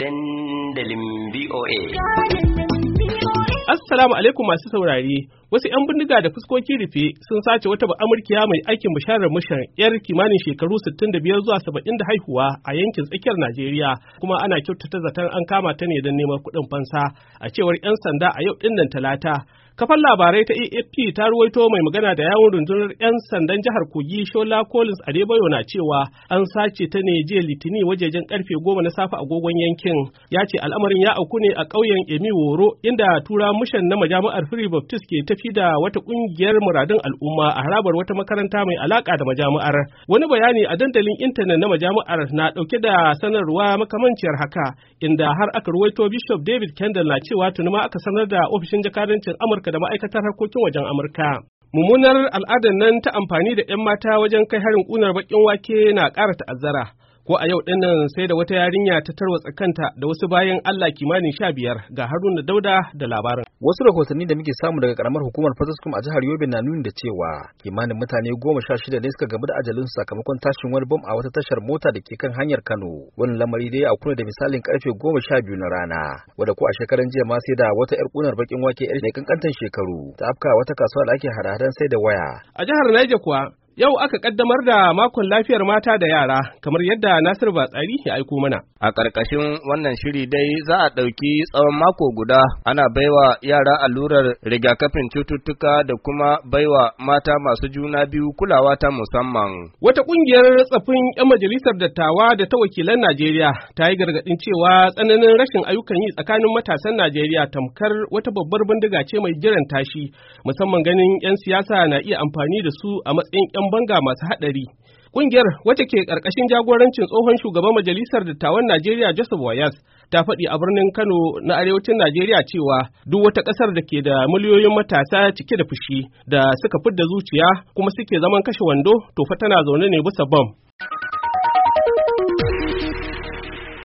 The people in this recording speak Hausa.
dandalin VOA. Assalamu alaikum masu saurari. Wasu 'yan bindiga da fuskoki rufe sun sace wata ba'amurkiya mai aikin bisharar mishan 'yar kimanin shekaru 65 zuwa 70 da haihuwa a yankin tsakiyar Najeriya kuma ana kyautata zaton an kama ta ne don neman kuɗin fansa a cewar 'yan sanda a yau nan talata. Kafar labarai ta AFP ta ruwaito mai magana da yawon rundunar 'yan sandan jihar Kogi Shola Collins Adebayo na cewa an sace ta ne jiya Litini wajejen karfe goma na safe agogon yankin. Ya ce al'amarin ya auku ne a ƙauyen Emi Woro inda tura mushan na majami'ar Free Baptist ke ta ƙorafi da wata ƙungiyar muradun al'umma a harabar wata makaranta mai alaka da majami'ar. Wani bayani a dandalin intanet na majami'ar na ɗauke da sanarwa makamanciyar haka inda har aka ruwaito Bishop David Kendall na cewa tuni aka sanar da ofishin jakadancin Amurka da ma'aikatar harkokin wajen Amurka. Mummunar al'adar nan ta amfani da 'yan mata wajen kai harin kunar baƙin wake na ƙara ta'azzara. Ko a yau dinnan sai da wata yarinya ta tarwatsa kanta da wasu bayan Allah kimanin sha biyar ga Haruna Dauda da labarin. wasu rahotanni da muke samu daga karamar hukumar fasaskum a jihar yobe na nuni da cewa kimanin mutane goma sha shida ne suka gamu da ajalinsu sakamakon tashin wani bom a wata tashar mota da ke kan hanyar kano wani lamari dai a kuna da misalin karfe goma sha biyu na rana wadda ko a shekaran jiya ma sai da wata yar kunar bakin wake yar mai kankantan shekaru ta afka wata kasuwa da ake hada-hadan sai da waya a jihar Niger kuwa Yau aka kaddamar da makon lafiyar mata da yara kamar yadda Nasir Batsari ya aiko mana. A ƙarƙashin wannan shiri dai za a ɗauki tsawon mako guda ana baiwa yara allurar rigakafin cututtuka da kuma baiwa mata masu juna biyu kulawa ta musamman. Wata ƙungiyar tsafin 'yan majalisar dattawa da ta wakilan Najeriya ta yi gargaɗin cewa tsananin rashin ayyukan yi tsakanin matasan Najeriya tamkar wata babbar bindiga ce mai jiran tashi musamman ganin 'yan siyasa na iya amfani da su a matsayin 'yan banga masu haɗari. Ƙungiyar wacce ke ƙarƙashin jagorancin tsohon shugaban majalisar dattawan Najeriya Joseph Wayas ta faɗi a birnin Kano na arewacin Najeriya cewa duk wata ƙasar da ke da miliyoyin matasa cike da fushi da suka fidda zuciya kuma suke zaman kashe wando to fa tana zaune ne bisa bam.